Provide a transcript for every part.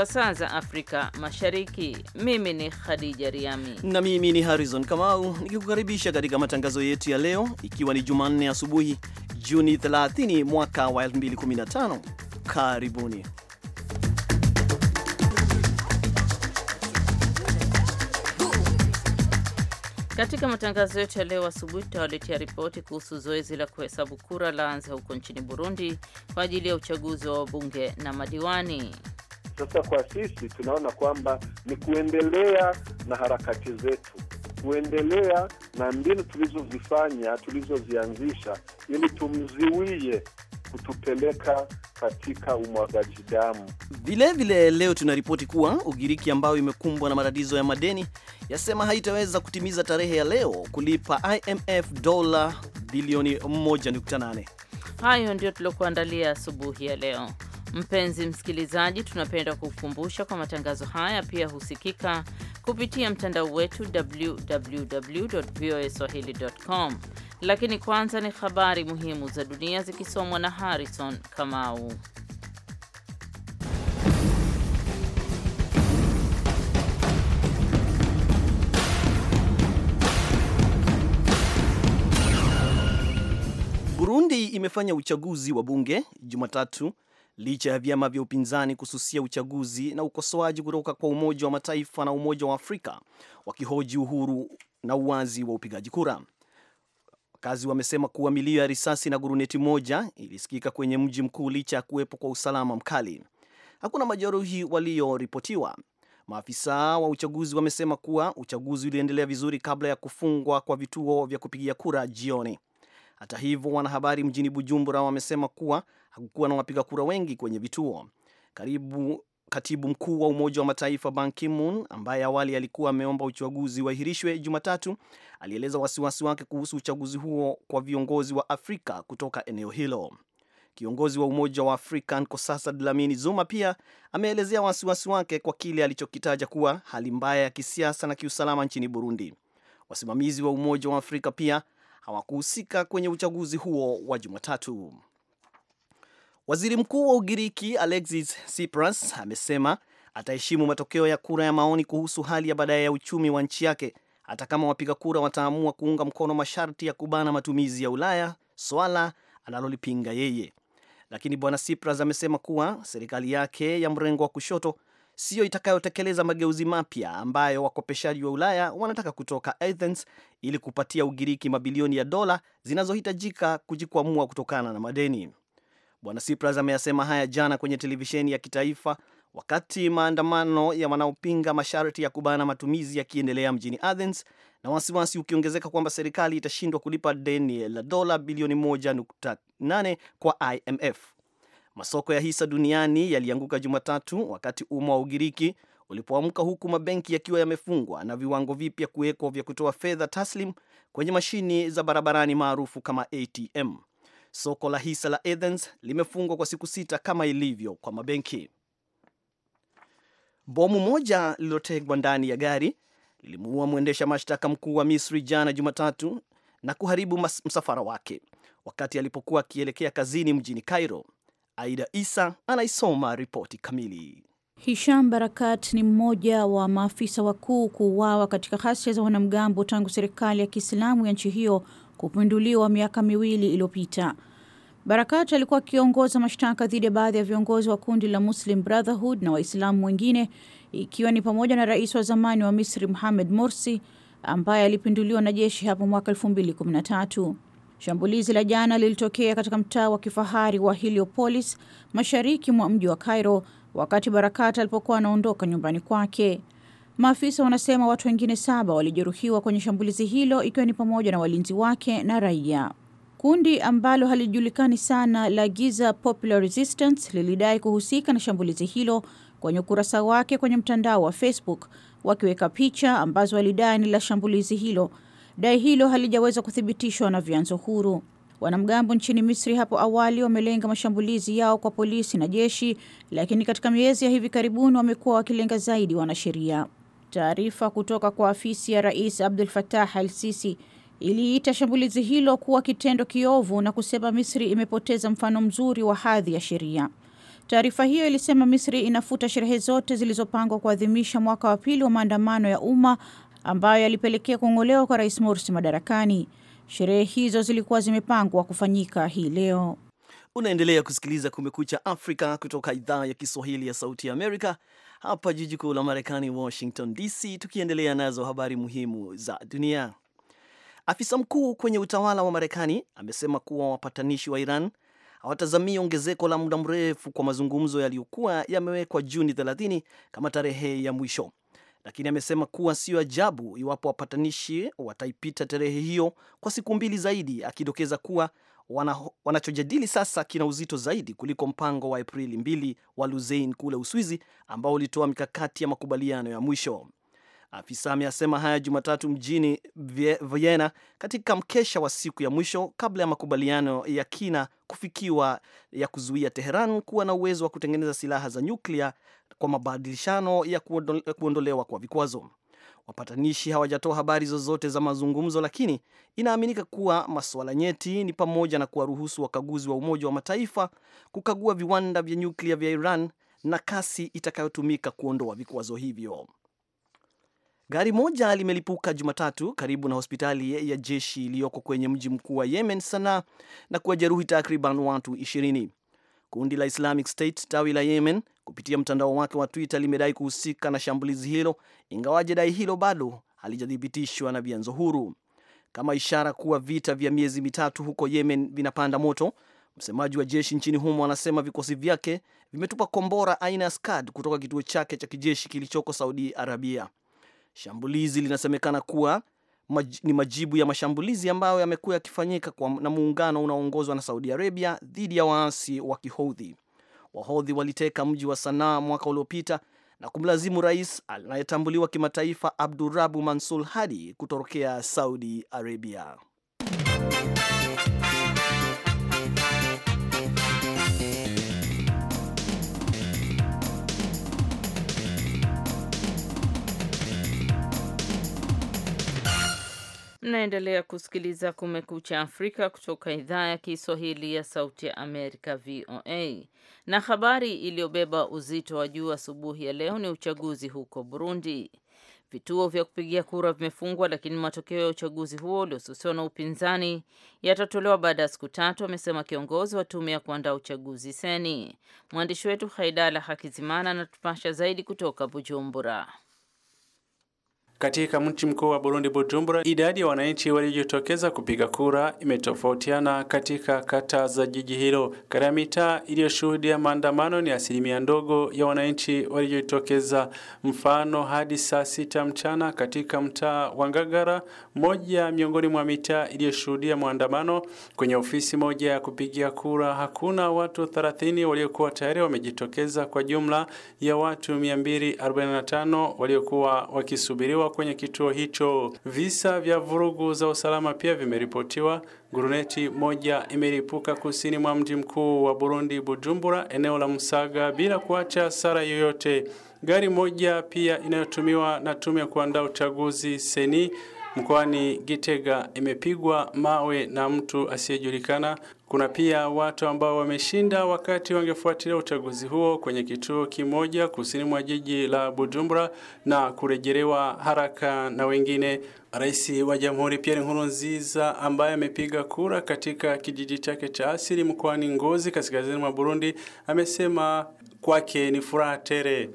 kwa saa za Afrika Mashariki. Mimi ni Khadija Riami na mimi ni Harrison Kamau nikikukaribisha katika matangazo yetu ya leo, ikiwa ni Jumanne asubuhi Juni 30 mwaka wa 2015. Karibuni. Katika matangazo yetu ya leo asubuhi tutawaletea ripoti kuhusu zoezi la kuhesabu kura laanza huko nchini Burundi kwa ajili ya uchaguzi wa wabunge na madiwani. Sasa kwa sisi tunaona kwamba ni kuendelea na harakati zetu, kuendelea na mbinu tulizozifanya, tulizozianzisha ili tumziwie kutupeleka katika umwagaji damu. Vilevile leo tunaripoti kuwa Ugiriki ambayo imekumbwa na matatizo ya madeni yasema haitaweza kutimiza tarehe ya leo kulipa IMF dola bilioni 1.8. Hayo ndio tuliokuandalia asubuhi ya leo. Mpenzi msikilizaji, tunapenda kukukumbusha kwa matangazo haya pia husikika kupitia mtandao wetu www www.voaswahili.com. Lakini kwanza ni habari muhimu za dunia zikisomwa na Harrison Kamau. Burundi imefanya uchaguzi wa bunge Jumatatu licha ya vyama vya upinzani kususia uchaguzi na ukosoaji kutoka kwa Umoja wa Mataifa na Umoja wa Afrika wakihoji uhuru na uwazi wa upigaji kura. Wakazi wamesema kuwa milio ya risasi na guruneti moja ilisikika kwenye mji mkuu licha ya kuwepo kwa usalama mkali. Hakuna majeruhi walioripotiwa. Maafisa wa uchaguzi wamesema kuwa uchaguzi uliendelea vizuri kabla ya kufungwa kwa vituo vya kupigia kura jioni. Hata hivyo, wanahabari mjini Bujumbura wamesema kuwa hakukuwa na wapiga kura wengi kwenye vituo. Karibu katibu mkuu wa Umoja wa Mataifa Ban Ki-moon ambaye awali alikuwa ameomba uchaguzi uahirishwe Jumatatu, alieleza wasiwasi wake kuhusu uchaguzi huo kwa viongozi wa Afrika kutoka eneo hilo. Kiongozi wa Umoja wa Afrika Nkosasa Dlamini Zuma pia ameelezea wasiwasi wake kwa kile alichokitaja kuwa hali mbaya ya kisiasa na kiusalama nchini Burundi. Wasimamizi wa Umoja wa Afrika pia hawakuhusika kwenye uchaguzi huo wa Jumatatu. Waziri Mkuu wa Ugiriki Alexis Tsipras amesema ataheshimu matokeo ya kura ya maoni kuhusu hali ya baadaye ya uchumi wa nchi yake hata kama wapiga kura wataamua kuunga mkono masharti ya kubana matumizi ya Ulaya, swala analolipinga yeye. Lakini bwana Tsipras amesema kuwa serikali yake ya mrengo wa kushoto siyo itakayotekeleza mageuzi mapya ambayo wakopeshaji wa Ulaya wanataka kutoka Athens ili kupatia Ugiriki mabilioni ya dola zinazohitajika kujikwamua kutokana na madeni. Bwana Sipras ameyasema haya jana kwenye televisheni ya kitaifa wakati maandamano ya wanaopinga masharti ya kubana matumizi yakiendelea mjini Athens na wasiwasi ukiongezeka kwamba serikali itashindwa kulipa deni la dola bilioni 1.8 kwa IMF. Masoko ya hisa duniani yalianguka Jumatatu wakati umma wa Ugiriki ulipoamka huku mabenki yakiwa yamefungwa na viwango vipya kuwekwa vya kutoa fedha taslim kwenye mashini za barabarani maarufu kama ATM. Soko la hisa la Athens limefungwa kwa siku sita kama ilivyo kwa mabenki. Bomu moja lililotegwa ndani ya gari lilimuua mwendesha mashtaka mkuu wa Misri jana Jumatatu na kuharibu msafara wake wakati alipokuwa akielekea kazini mjini Cairo. Aida Isa anaisoma ripoti kamili. Hisham Barakat ni mmoja wa maafisa wakuu kuuawa katika ghasia za wanamgambo tangu serikali ya Kiislamu ya nchi hiyo kupinduliwa miaka miwili iliyopita. Barakat alikuwa akiongoza mashtaka dhidi ya baadhi ya viongozi wa kundi la Muslim Brotherhood na Waislamu wengine ikiwa ni pamoja na rais wa zamani wa Misri Mohamed Morsi ambaye alipinduliwa na jeshi hapo mwaka 2013. Shambulizi la jana lilitokea katika mtaa wa kifahari wa Heliopolis mashariki mwa mji wa Cairo wakati Barakat alipokuwa anaondoka nyumbani kwake. Maafisa wanasema watu wengine saba walijeruhiwa kwenye shambulizi hilo ikiwa ni pamoja na walinzi wake na raia. Kundi ambalo halijulikani sana la Giza Popular Resistance lilidai kuhusika na shambulizi hilo kwenye ukurasa wake kwenye mtandao wa Facebook, wakiweka picha ambazo walidai ni la shambulizi hilo. Dai hilo halijaweza kuthibitishwa na vyanzo huru. Wanamgambo nchini Misri hapo awali wamelenga mashambulizi yao kwa polisi na jeshi, lakini katika miezi ya hivi karibuni wamekuwa wakilenga zaidi wanasheria. Taarifa kutoka kwa afisi ya Rais Abdul Fattah al-Sisi iliita shambulizi hilo kuwa kitendo kiovu na kusema Misri imepoteza mfano mzuri wa hadhi ya sheria. Taarifa hiyo ilisema Misri inafuta sherehe zote zilizopangwa kuadhimisha mwaka wa pili wa maandamano ya umma ambayo yalipelekea kuongolewa kwa Rais Morsi madarakani. Sherehe hizo zilikuwa zimepangwa kufanyika hii leo. Unaendelea kusikiliza Kumekucha Afrika kutoka idhaa ya Kiswahili ya Sauti ya Amerika, hapa jiji kuu la Marekani, Washington DC, tukiendelea nazo habari muhimu za dunia. Afisa mkuu kwenye utawala wa Marekani amesema kuwa wapatanishi wa Iran hawatazamii ongezeko la muda mrefu kwa mazungumzo yaliyokuwa yamewekwa Juni 30 kama tarehe ya mwisho, lakini amesema kuwa sio ajabu iwapo wapatanishi wataipita tarehe hiyo kwa siku mbili zaidi, akidokeza kuwa wanachojadili sasa kina uzito zaidi kuliko mpango wa Aprili 2 wa Luzein kule Uswizi ambao ulitoa mikakati ya makubaliano ya mwisho. Afisa ameyasema haya Jumatatu mjini Vienna katika mkesha wa siku ya mwisho kabla ya makubaliano ya kina kufikiwa ya kuzuia Teheran kuwa na uwezo wa kutengeneza silaha za nyuklia kwa mabadilishano ya kuondolewa kwa vikwazo. Wapatanishi hawajatoa habari zozote za mazungumzo, lakini inaaminika kuwa masuala nyeti ni pamoja na kuwaruhusu wakaguzi wa Umoja wa Mataifa kukagua viwanda vya nyuklia vya Iran na kasi itakayotumika kuondoa vikwazo hivyo. Gari moja limelipuka Jumatatu karibu na hospitali ya jeshi iliyoko kwenye mji mkuu wa Yemen, Sanaa, na kuwajeruhi takriban watu 20. Kundi la Islamic State tawi la Yemen kupitia mtandao wake wa Twitter limedai kuhusika na shambulizi hilo, ingawaje dai hilo bado halijathibitishwa na vyanzo huru. Kama ishara kuwa vita vya miezi mitatu huko Yemen vinapanda moto, msemaji wa jeshi nchini humo anasema vikosi vyake vimetupa kombora aina ya Scad kutoka kituo chake cha kijeshi kilichoko Saudi Arabia. Shambulizi linasemekana kuwa maj, ni majibu ya mashambulizi ambayo yamekuwa yakifanyika na muungano unaoongozwa na Saudi Arabia dhidi ya waasi wa Kihodhi. Wahodhi waliteka mji wa Sanaa mwaka uliopita na kumlazimu rais anayetambuliwa kimataifa Abdurabu Mansur Hadi kutorokea Saudi Arabia. Mnaendelea kusikiliza Kumekucha Afrika kutoka idhaa ya Kiswahili ya Sauti ya Amerika, VOA. Na habari iliyobeba uzito wa juu asubuhi ya leo ni uchaguzi huko Burundi. Vituo vya kupigia kura vimefungwa, lakini matokeo ya uchaguzi huo uliosusiwa na upinzani yatatolewa baada ya siku tatu, amesema kiongozi wa tume ya kuandaa uchaguzi Seni. Mwandishi wetu Haidala Hakizimana anatupasha zaidi kutoka Bujumbura. Katika mji mkuu wa Burundi Bujumbura, idadi ya wananchi waliojitokeza kupiga kura imetofautiana katika kata za jiji hilo. Katika mitaa iliyoshuhudia maandamano ni asilimia ndogo ya wananchi waliojitokeza. Mfano, hadi saa sita mchana katika mtaa wa Ngagara, moja miongoni mwa mitaa iliyoshuhudia maandamano, kwenye ofisi moja ya kupigia kura hakuna watu 30 waliokuwa tayari wamejitokeza, kwa jumla ya watu 245 waliokuwa wakisubiriwa kwenye kituo hicho. Visa vya vurugu za usalama pia vimeripotiwa. Guruneti moja imelipuka kusini mwa mji mkuu wa Burundi, Bujumbura, eneo la Musaga, bila kuacha sara yoyote. Gari moja pia inayotumiwa na tume ya kuandaa uchaguzi seni mkoani Gitega imepigwa mawe na mtu asiyejulikana kuna pia watu ambao wameshinda wakati wangefuatilia uchaguzi huo kwenye kituo kimoja kusini mwa jiji la Bujumbura na kurejelewa haraka na wengine. Rais wa Jamhuri Pierre Nkurunziza ambaye amepiga kura katika kijiji chake cha asili mkoani Ngozi kaskazini mwa Burundi amesema kwake ni furaha tele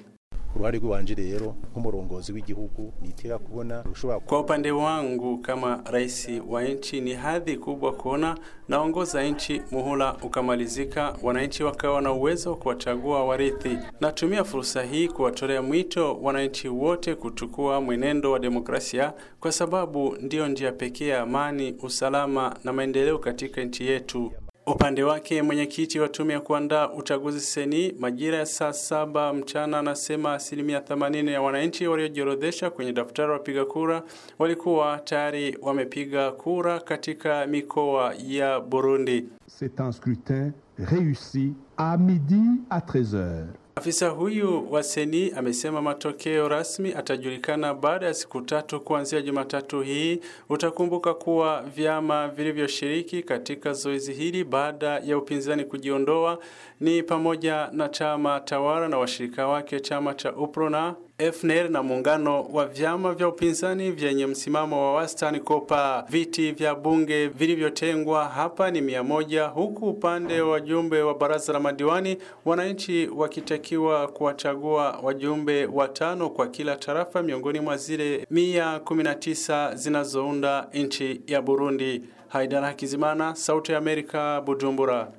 uruhare rw'iwanje rero nk'umurongozi w'igihugu nitega kubona ushobora kwa upande wangu kama rais wa nchi ni hadhi kubwa kuona naongoza nchi muhula ukamalizika wananchi wakawa na uwezo wa kuwachagua warithi natumia fursa hii kuwatolea mwito wananchi wote kuchukua mwenendo wa demokrasia kwa sababu ndiyo njia pekee ya amani usalama na maendeleo katika nchi yetu Upande wake mwenyekiti wa tume ya kuandaa uchaguzi seni majira ya saa saba mchana anasema asilimia 80 ya wananchi waliojiorodhesha kwenye daftari wapiga kura walikuwa tayari wamepiga kura katika mikoa ya Burundi. C'est un scrutin réussi à midi à 13h. Afisa huyu wa seni amesema matokeo rasmi atajulikana baada ya siku tatu kuanzia Jumatatu hii. Utakumbuka kuwa vyama vilivyoshiriki katika zoezi hili baada ya upinzani kujiondoa ni pamoja na chama tawala na washirika wake chama cha UPRONA FNL na muungano wa vyama vya upinzani vyenye msimamo wa wastani kopa viti vya bunge vilivyotengwa hapa ni mia moja, huku upande wa wajumbe wa baraza la madiwani wananchi wakitakiwa kuwachagua wajumbe watano kwa kila tarafa miongoni mwa zile mia kumi na tisa zinazounda nchi ya Burundi. Haidara Kizimana, Sauti ya Amerika, Bujumbura.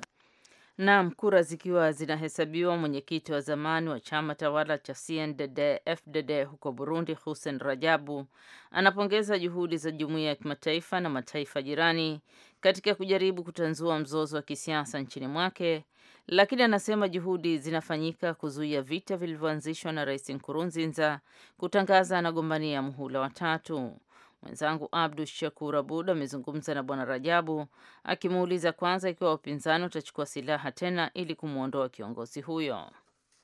Naam, kura zikiwa zinahesabiwa, mwenyekiti wa zamani wa chama tawala cha CNDD-FDD huko Burundi, Hussein Rajabu anapongeza juhudi za jumuiya ya kimataifa na mataifa jirani katika kujaribu kutanzua mzozo wa kisiasa nchini mwake, lakini anasema juhudi zinafanyika kuzuia vita vilivyoanzishwa na Rais Nkurunziza kutangaza anagombania muhula wa tatu. Mwenzangu Abdu Shakur Abud amezungumza na Bwana Rajabu akimuuliza kwanza ikiwa wapinzani watachukua silaha tena ili kumwondoa kiongozi huyo.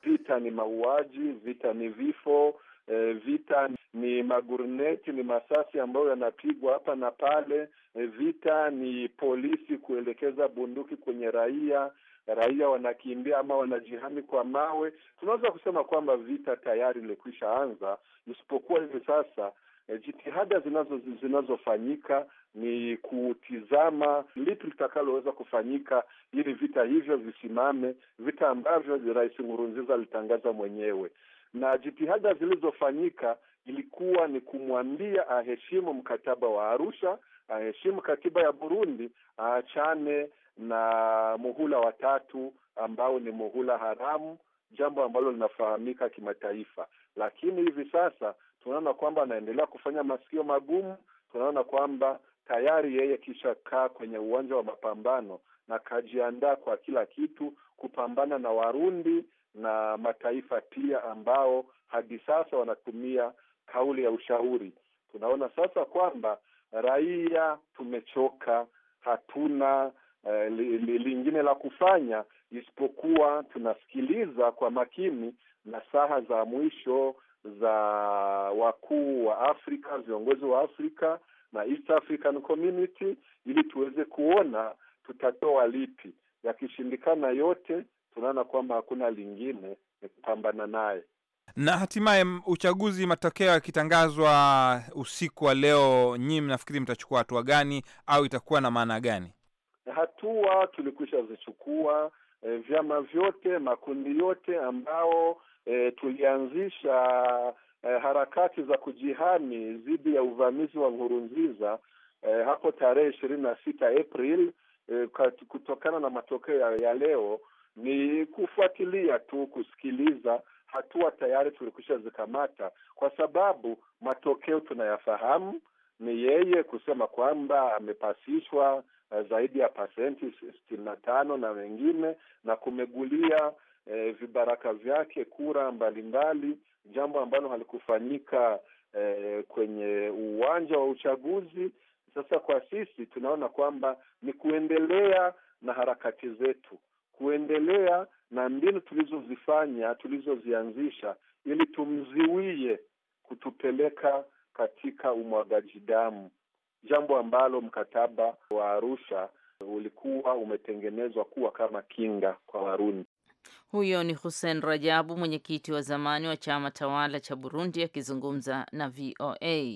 Vita ni mauaji, vita ni vifo, e, vita ni magurneti, ni masasi ambayo yanapigwa hapa na pale. E, vita ni polisi kuelekeza bunduki kwenye raia, raia wanakimbia ama wanajihami kwa mawe. Tunaweza kusema kwamba vita tayari ilikwisha anza, isipokuwa hivi sasa Eh, jitihada zinazo zinazofanyika ni kutizama lipi litakaloweza kufanyika ili vita hivyo visimame, vita ambavyo Rais Nkurunziza alitangaza mwenyewe. Na jitihada zilizofanyika ilikuwa ni kumwambia aheshimu mkataba wa Arusha, aheshimu katiba ya Burundi, aachane na muhula wa tatu ambao ni muhula haramu, jambo ambalo linafahamika kimataifa. Lakini hivi sasa tunaona kwamba anaendelea kufanya masikio magumu. Tunaona kwamba tayari yeye kishakaa kwenye uwanja wa mapambano na kajiandaa kwa kila kitu kupambana na Warundi na mataifa pia ambao hadi sasa wanatumia kauli ya ushauri. Tunaona sasa kwamba raia tumechoka, hatuna eh, li, li, lingine la kufanya isipokuwa tunasikiliza kwa makini na saha za mwisho za wakuu wa Afrika, viongozi wa Afrika na East African Community, ili tuweze kuona tutatoa lipi. Yakishindikana yote, tunaona kwamba hakuna lingine ni kupambana naye na hatimaye uchaguzi, matokeo yakitangazwa usiku wa leo, nyinyi mnafikiri mtachukua hatua gani au itakuwa na maana gani? Hatua tulikwisha zichukua. E, eh, vyama vyote, makundi yote ambao e, tulianzisha e, harakati za kujihami dhidi ya uvamizi wa Nkurunziza e, hapo tarehe ishirini na sita April e, kutokana na matokeo ya, ya leo ni kufuatilia tu, kusikiliza hatua tayari tulikwisha zikamata, kwa sababu matokeo tunayafahamu. Ni yeye kusema kwamba amepasishwa e, zaidi ya pasenti sitini na tano na wengine na kumegulia e, vibaraka vyake kura mbalimbali, jambo ambalo halikufanyika e, kwenye uwanja wa uchaguzi. Sasa kwa sisi tunaona kwamba ni kuendelea na harakati zetu, kuendelea na mbinu tulizozifanya tulizozianzisha, ili tumziwie kutupeleka katika umwagaji damu, jambo ambalo mkataba wa Arusha ulikuwa umetengenezwa kuwa kama kinga kwa Warundi. Huyo ni Hussein Rajabu, mwenyekiti wa zamani wa chama tawala cha Burundi akizungumza na VOA.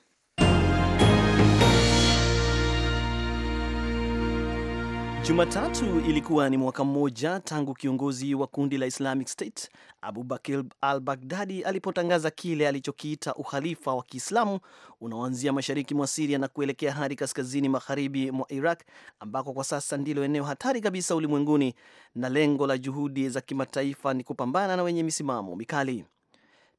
Jumatatu ilikuwa ni mwaka mmoja tangu kiongozi wa kundi la Islamic State Abu al-Baghdadi alipotangaza kile alichokiita uhalifa wa Kiislamu unaoanzia mashariki mwa Siria na kuelekea hadi kaskazini magharibi mwa Iraq ambako kwa sasa ndilo eneo hatari kabisa ulimwenguni na lengo la juhudi za kimataifa ni kupambana na wenye misimamo mikali.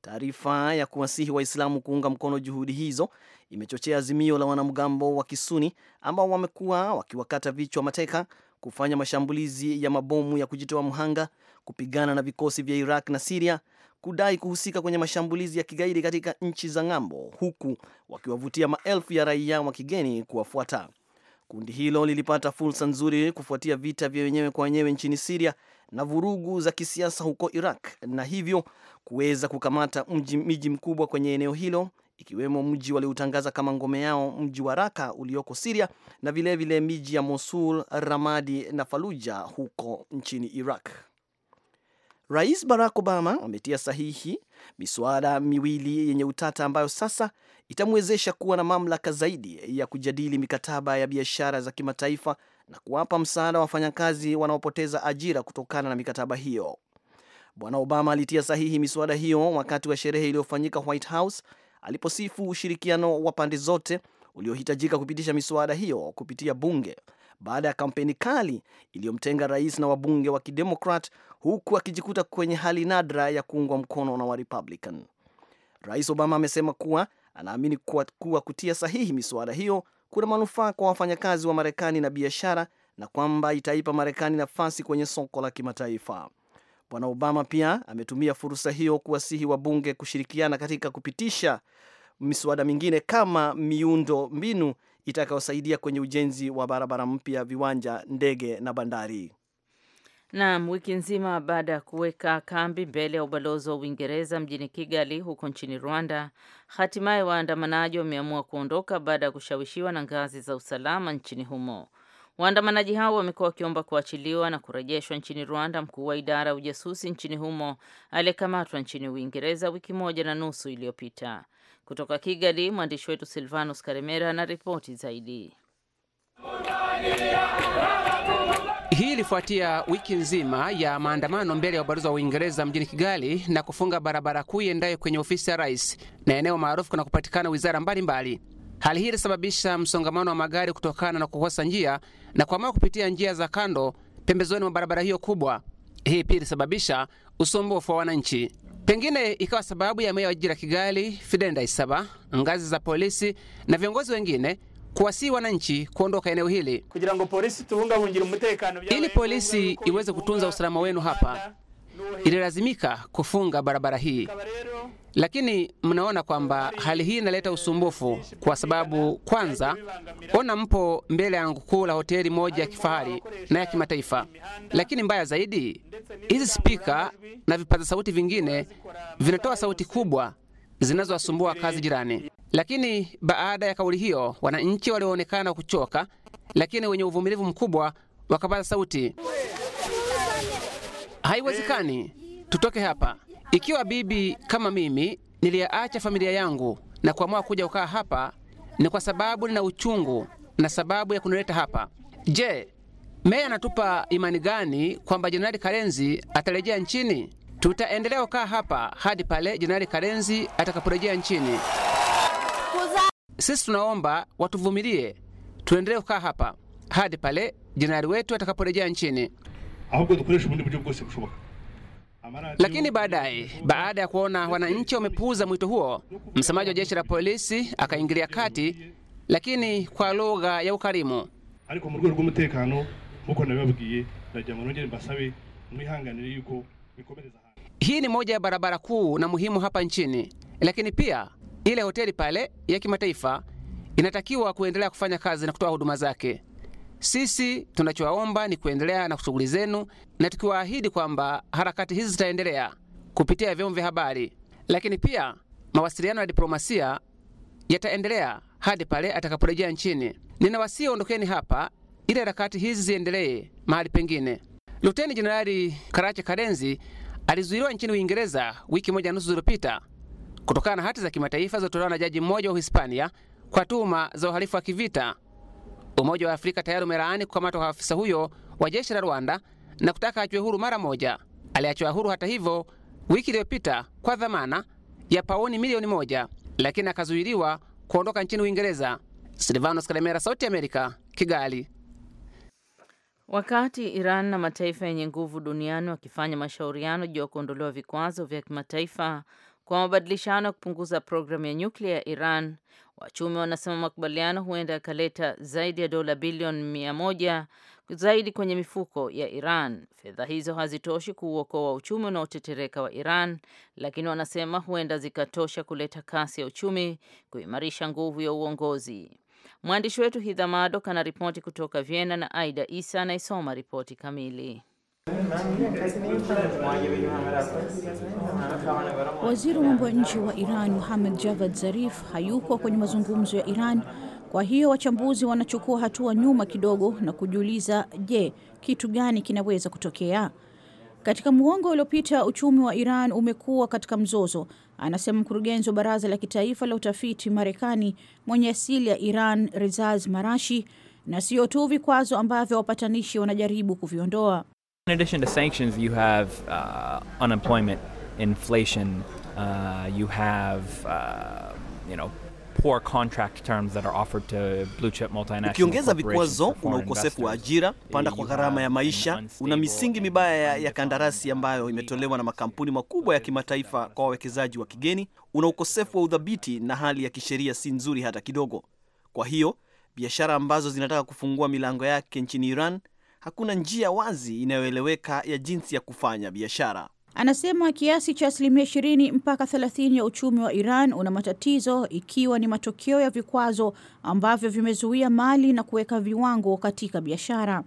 Taarifa ya kuwasihi Waislamu kuunga mkono juhudi hizo imechochea azimio la wanamgambo wa Kisuni ambao wamekuwa wakiwakata vichwa mateka, kufanya mashambulizi ya mabomu ya kujitoa mhanga, kupigana na vikosi vya Iraq na Siria, kudai kuhusika kwenye mashambulizi ya kigaidi katika nchi za ng'ambo, huku wakiwavutia maelfu ya raia wa kigeni kuwafuata. Kundi hilo lilipata fursa nzuri kufuatia vita vya wenyewe kwa wenyewe nchini Siria na vurugu za kisiasa huko Iraq na hivyo kuweza kukamata mji miji mkubwa kwenye eneo hilo ikiwemo mji walioutangaza kama ngome yao mji wa Raka ulioko Siria na vilevile vile miji ya Mosul, Ramadi na Faluja huko nchini Iraq. Rais Barack Obama ametia sahihi miswada miwili yenye utata ambayo sasa itamwezesha kuwa na mamlaka zaidi ya kujadili mikataba ya biashara za kimataifa na kuwapa msaada wafanyakazi wanaopoteza ajira kutokana na mikataba hiyo. Bwana Obama alitia sahihi miswada hiyo wakati wa sherehe iliyofanyika White House aliposifu ushirikiano wa pande zote uliohitajika kupitisha miswada hiyo kupitia bunge baada ya kampeni kali iliyomtenga rais na wabunge wa kidemokrat huku akijikuta kwenye hali nadra ya kuungwa mkono na Warepublican. Rais Obama amesema kuwa anaamini kuwa, kuwa kutia sahihi miswada hiyo kuna manufaa kwa wafanyakazi wa Marekani na biashara na kwamba itaipa Marekani nafasi kwenye soko la kimataifa. Bwana Obama pia ametumia fursa hiyo kuwasihi wabunge kushirikiana katika kupitisha miswada mingine kama miundo mbinu itakayosaidia kwenye ujenzi wa barabara mpya, viwanja, ndege na bandari. Naam, wiki nzima baada ya kuweka kambi mbele ya ubalozi wa Uingereza mjini Kigali huko nchini Rwanda, hatimaye waandamanaji wameamua kuondoka baada ya kushawishiwa na ngazi za usalama nchini humo. Waandamanaji hao wamekuwa wakiomba kuachiliwa na kurejeshwa nchini Rwanda mkuu wa idara ya ujasusi nchini humo aliyekamatwa nchini Uingereza wiki moja na nusu iliyopita. Kutoka Kigali, mwandishi wetu Silvanus Karemera ana ripoti zaidi. Hii ilifuatia wiki nzima ya maandamano mbele ya ubalozi wa Uingereza mjini Kigali na kufunga barabara kuu iendayo kwenye ofisi ya rais na eneo maarufu kuna kupatikana wizara mbalimbali mbali. Hali hii ilisababisha msongamano wa magari kutokana na kukosa njia na kuamua kupitia njia za kando pembezoni mwa barabara hiyo kubwa. Hii pia ilisababisha usumbufu wa wananchi, pengine ikawa sababu ya meya wa jiji la Kigali Fidel Ndayisaba, ngazi za polisi na viongozi wengine kuwasihi wananchi kuondoka eneo hili ili polisi iweze kutunza usalama wenu hapa ililazimika kufunga barabara hii. Lakini mnaona kwamba hali hii inaleta usumbufu, kwa sababu kwanza, ona mpo mbele ya ngukuu la hoteli moja ya kifahari na ya kimataifa, lakini mbaya zaidi, hizi spika na vipaza sauti vingine vinatoa sauti kubwa zinazowasumbua kazi jirani. Lakini baada ya kauli hiyo, wananchi walioonekana kuchoka, lakini wenye uvumilivu mkubwa, wakapaza sauti, haiwezekani, tutoke hapa. Ikiwa bibi kama mimi niliyaacha familia yangu na kuamua kuja kukaa hapa, ni kwa sababu nina uchungu na sababu ya kunileta hapa. Je, meya anatupa imani gani kwamba Jenerali Karenzi atarejea nchini? Tutaendelea kukaa hapa hadi pale Jenerali Karenzi atakaporejea nchini. Sisi tunaomba watuvumilie, tuendelee kukaa hapa hadi pale jenerali wetu atakaporejea nchini. ahubwo dukoreshe ubundi buryo bwose bushoboka lakini baadaye, baada ya kuona wananchi wamepuuza mwito huo, msemaji wa jeshi la polisi akaingilia kati, lakini kwa lugha ya ukarimu. Hii ni moja ya barabara kuu na muhimu hapa nchini, lakini pia ile hoteli pale ya kimataifa inatakiwa kuendelea kufanya kazi na kutoa huduma zake. Sisi tunachowaomba ni kuendelea na shughuli zenu, na tukiwaahidi kwamba harakati hizi zitaendelea kupitia vyombo vya habari, lakini pia mawasiliano ya diplomasia yataendelea hadi pale atakaporejea nchini. Ninawasihi ondokeni hapa ili harakati hizi ziendelee mahali pengine. Luteni Jenerali Karache Karenzi alizuiliwa nchini Uingereza wiki moja nusu zilizopita kutokana na hati za kimataifa zilizotolewa na jaji mmoja wa Uhispania kwa tuhuma za uhalifu wa kivita Umoja wa Afrika tayari umelaani kukamatwa kwa afisa huyo wa jeshi la Rwanda na kutaka achiwe huru mara moja. Aliachiwa huru hata hivyo wiki iliyopita kwa dhamana ya paoni milioni moja, lakini akazuiliwa kuondoka nchini Uingereza. Silvanos Kalemera, Sauti Amerika, Kigali. Wakati Iran na mataifa yenye nguvu duniani wakifanya mashauriano juu ya kuondolewa vikwazo vya kimataifa kwa mabadilishano ya kupunguza programu ya nyuklia ya Iran, Wachumi wanasema makubaliano huenda yakaleta zaidi ya dola bilioni mia moja zaidi kwenye mifuko ya Iran. Fedha hizo hazitoshi kuuokoa uchumi unaotetereka wa Iran, lakini wanasema huenda zikatosha kuleta kasi ya uchumi, kuimarisha nguvu ya uongozi. Mwandishi wetu Hidhamado kana ripoti kutoka Vienna na Aida Isa anayesoma ripoti kamili. Waziri wa mambo ya nje wa Iran Muhammad Javad Zarif hayuko kwenye mazungumzo ya Iran. Kwa hiyo wachambuzi wanachukua hatua nyuma kidogo na kujiuliza, je, kitu gani kinaweza kutokea? Katika muongo uliopita uchumi wa Iran umekuwa katika mzozo, anasema mkurugenzi wa baraza la kitaifa la utafiti Marekani mwenye asili ya Iran Rezaz Marashi, na sio tu vikwazo ambavyo wapatanishi wanajaribu kuviondoa. In addition to sanctions, you have uh, unemployment, inflation, uh, you have uh, you know poor contract terms that are offered to blue chip multinational. Ukiongeza vikwazo, una ukosefu wa ajira, kupanda eh, kwa gharama ya maisha, una misingi mibaya ya, ya kandarasi ambayo imetolewa na makampuni makubwa ya kimataifa kwa wawekezaji wa kigeni, una ukosefu wa udhabiti na hali ya kisheria si nzuri hata kidogo. Kwa hiyo biashara ambazo zinataka kufungua milango yake nchini Iran hakuna njia wazi inayoeleweka ya jinsi ya kufanya biashara. Anasema kiasi cha asilimia 20 mpaka 30 ya uchumi wa Iran una matatizo, ikiwa ni matokeo ya vikwazo ambavyo vimezuia mali na kuweka viwango katika biashara.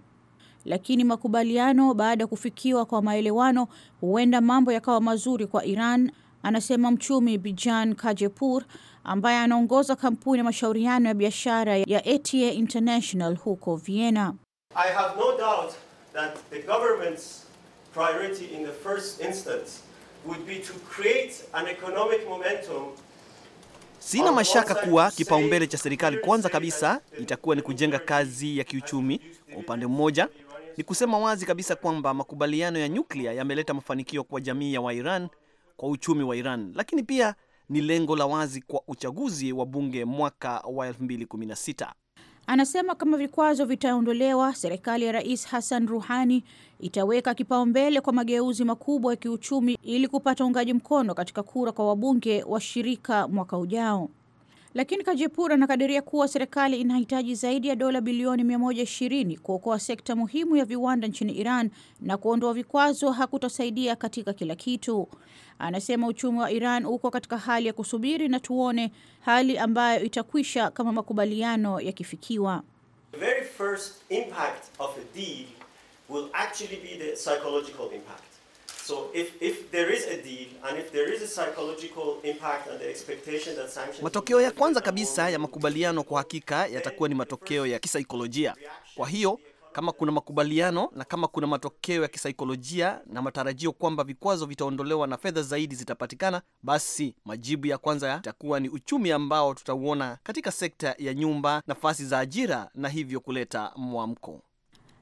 Lakini makubaliano baada ya kufikiwa kwa maelewano, huenda mambo yakawa mazuri kwa Iran, anasema mchumi Bijan Kajepur ambaye anaongoza kampuni ya mashauriano ya biashara ya ATA International huko Vienna. I have no doubt that the government's priority in the first instance would be to create an economic momentum Sina mashaka kuwa kipaumbele cha serikali kwanza kabisa itakuwa ni kujenga kazi ya kiuchumi. Kwa upande mmoja, ni kusema wazi kabisa kwamba makubaliano ya nyuklia yameleta mafanikio kwa jamii ya Wairan, kwa uchumi wa Iran, lakini pia ni lengo la wazi kwa uchaguzi wa bunge mwaka wa 2016. Anasema kama vikwazo vitaondolewa, serikali ya Rais Hassan Ruhani itaweka kipaumbele kwa mageuzi makubwa ya kiuchumi ili kupata uungaji mkono katika kura kwa wabunge wa shirika mwaka ujao. Lakini Kajepur anakadiria kuwa serikali inahitaji zaidi ya dola bilioni 120 kuokoa sekta muhimu ya viwanda nchini Iran, na kuondoa vikwazo hakutosaidia katika kila kitu. Anasema uchumi wa Iran uko katika hali ya kusubiri na tuone, hali ambayo itakwisha kama makubaliano yakifikiwa. The very first impact of a deal will actually be the psychological impact. Matokeo ya kwanza kabisa ya makubaliano kwa hakika yatakuwa ni matokeo ya kisaikolojia. Kwa hiyo kama kuna makubaliano na kama kuna matokeo ya kisaikolojia na matarajio kwamba vikwazo vitaondolewa na fedha zaidi zitapatikana, basi majibu ya kwanza yatakuwa ni uchumi ambao tutauona katika sekta ya nyumba, nafasi za ajira na hivyo kuleta mwamko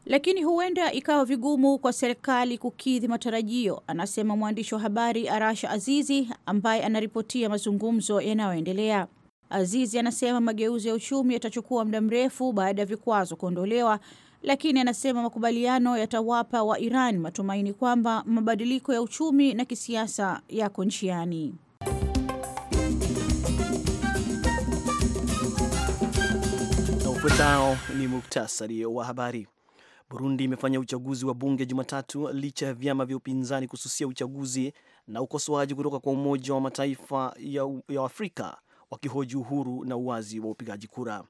lakini huenda ikawa vigumu kwa serikali kukidhi matarajio, anasema mwandishi wa habari Arasha Azizi ambaye anaripotia mazungumzo yanayoendelea. Azizi anasema mageuzi ya uchumi yatachukua muda mrefu baada ya vikwazo kuondolewa, lakini anasema makubaliano yatawapa wa Iran matumaini kwamba mabadiliko ya uchumi na kisiasa yako njiani. Ufuatao ni muktasari wa habari. Burundi imefanya uchaguzi wa bunge Jumatatu licha ya vyama vya upinzani kususia uchaguzi na ukosoaji kutoka kwa Umoja wa Mataifa ya, ya Afrika wakihoji uhuru na uwazi wa upigaji kura.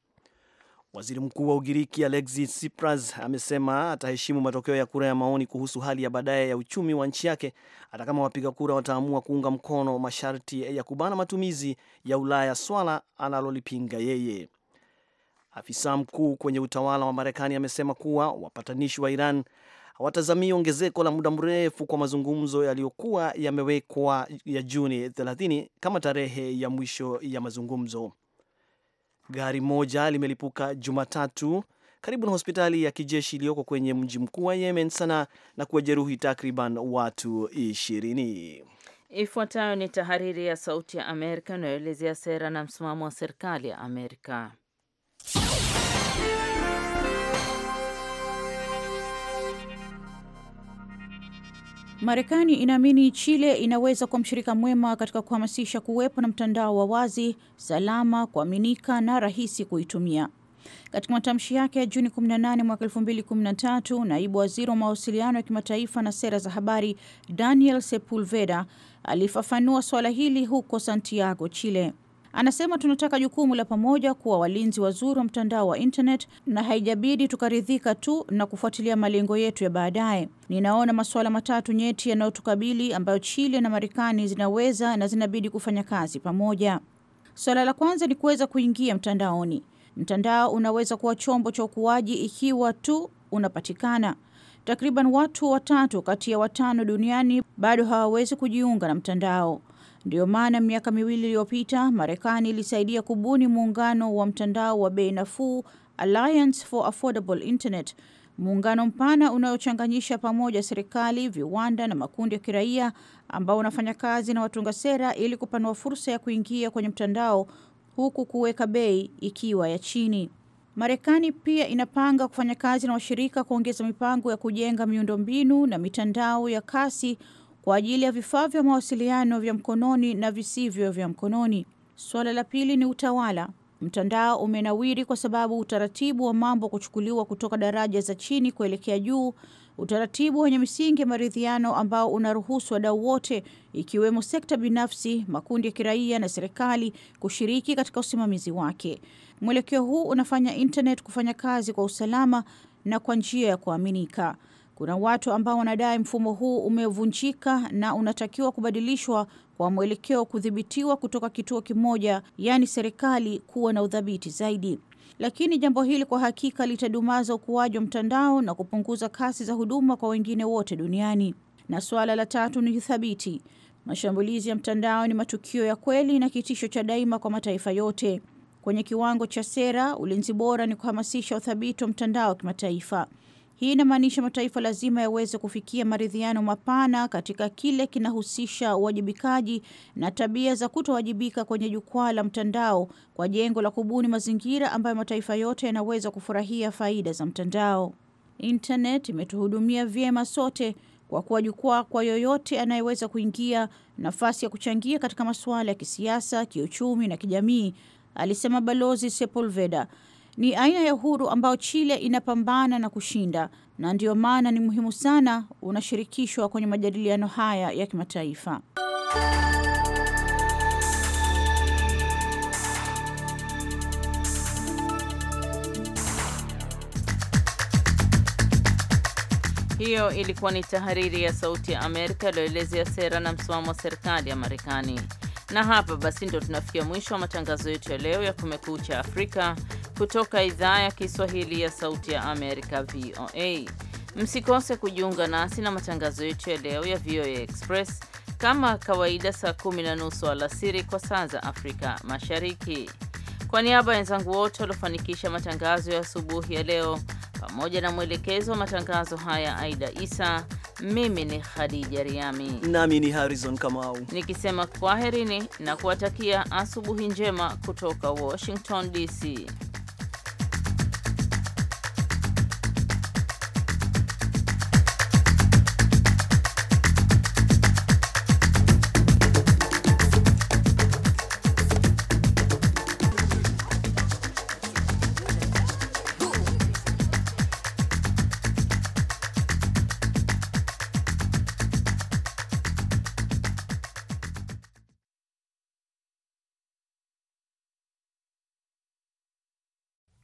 Waziri Mkuu wa Ugiriki Alexis Tsipras amesema ataheshimu matokeo ya kura ya maoni kuhusu hali ya baadaye ya uchumi wa nchi yake hata kama wapiga kura wataamua kuunga mkono masharti ya kubana matumizi ya Ulaya, swala analolipinga yeye. Afisa mkuu kwenye utawala wa Marekani amesema kuwa wapatanishi wa Iran hawatazamii ongezeko la muda mrefu kwa mazungumzo yaliyokuwa yamewekwa ya Juni 30 kama tarehe ya mwisho ya mazungumzo. Gari moja limelipuka Jumatatu karibu na hospitali ya kijeshi iliyoko kwenye mji mkuu wa Yemen, sana na kuwajeruhi takriban watu ishirini. Ifuatayo ni tahariri ya Sauti ya Amerika inayoelezea sera na msimamo wa serikali ya Amerika. Marekani inaamini Chile inaweza kuwa mshirika mwema katika kuhamasisha kuwepo na mtandao wa wazi, salama, kuaminika na rahisi kuitumia. Katika matamshi yake ya Juni 18 mwaka 2013, naibu waziri wa mawasiliano ya kimataifa na sera za habari Daniel Sepulveda alifafanua suala hili huko Santiago, Chile. Anasema tunataka jukumu la pamoja kuwa walinzi wazuri wa mtandao wa internet, na haijabidi tukaridhika tu na kufuatilia malengo yetu ya baadaye. Ninaona masuala matatu nyeti yanayotukabili ambayo Chile na Marekani zinaweza na zinabidi kufanya kazi pamoja. Suala la kwanza ni kuweza kuingia mtandaoni. Mtandao unaweza kuwa chombo cha ukuaji ikiwa tu unapatikana. Takriban watu watatu kati ya watano duniani bado hawawezi kujiunga na mtandao. Ndiyo maana miaka miwili iliyopita Marekani ilisaidia kubuni muungano wa mtandao wa bei nafuu, Alliance for Affordable Internet, muungano mpana unaochanganyisha pamoja serikali, viwanda na makundi ya kiraia ambao unafanya kazi na watunga sera ili kupanua fursa ya kuingia kwenye mtandao huku kuweka bei ikiwa ya chini. Marekani pia inapanga kufanya kazi na washirika kuongeza mipango ya kujenga miundombinu na mitandao ya kasi kwa ajili ya vifaa vya mawasiliano vya mkononi na visivyo vya mkononi. Suala la pili ni utawala. Mtandao umenawiri kwa sababu utaratibu wa mambo kuchukuliwa kutoka daraja za chini kuelekea juu, utaratibu wenye misingi ya maridhiano ambao unaruhusu wadau wote, ikiwemo sekta binafsi, makundi ya kiraia na serikali kushiriki katika usimamizi wake. Mwelekeo huu unafanya internet kufanya kazi kwa usalama na kwa njia ya kuaminika. Kuna watu ambao wanadai mfumo huu umevunjika na unatakiwa kubadilishwa kwa mwelekeo kudhibitiwa kutoka kituo kimoja, yaani serikali kuwa na udhabiti zaidi. Lakini jambo hili kwa hakika litadumaza ukuaji wa mtandao na kupunguza kasi za huduma kwa wengine wote duniani. Na suala la tatu ni uthabiti. Mashambulizi ya mtandao ni matukio ya kweli na kitisho cha daima kwa mataifa yote. Kwenye kiwango cha sera, ulinzi bora ni kuhamasisha uthabiti wa mtandao wa kimataifa. Hii inamaanisha mataifa lazima yaweze kufikia maridhiano mapana katika kile kinahusisha uwajibikaji na tabia za kutowajibika kwenye jukwaa la mtandao kwa jengo la kubuni mazingira ambayo mataifa yote yanaweza kufurahia faida za mtandao. Internet imetuhudumia vyema sote kwa kuwa jukwaa kwa yoyote anayeweza kuingia, nafasi ya kuchangia katika masuala ya kisiasa, kiuchumi na kijamii, alisema Balozi Sepulveda. Ni aina ya uhuru ambao Chile inapambana na kushinda, na ndiyo maana ni muhimu sana unashirikishwa kwenye majadiliano haya ya kimataifa. Hiyo ilikuwa ni tahariri ya Sauti ya Amerika iliyoelezea sera na msimamo wa serikali ya Marekani. Na hapa basi ndo tunafikia mwisho wa matangazo yetu ya leo ya Kumekucha Afrika kutoka idhaa ya Kiswahili ya Sauti ya Amerika, VOA. Msikose kujiunga nasi na matangazo yetu ya leo ya VOA Express kama kawaida, saa kumi na nusu alasiri kwa saa za Afrika Mashariki. Kwa niaba ya wenzangu wote waliofanikisha matangazo ya asubuhi ya leo pamoja na mwelekezo wa matangazo haya Aida Isa, mimi ni Khadija Riami nami ni Harrison Kamau nikisema kwaherini na kuwatakia asubuhi njema kutoka Washington DC.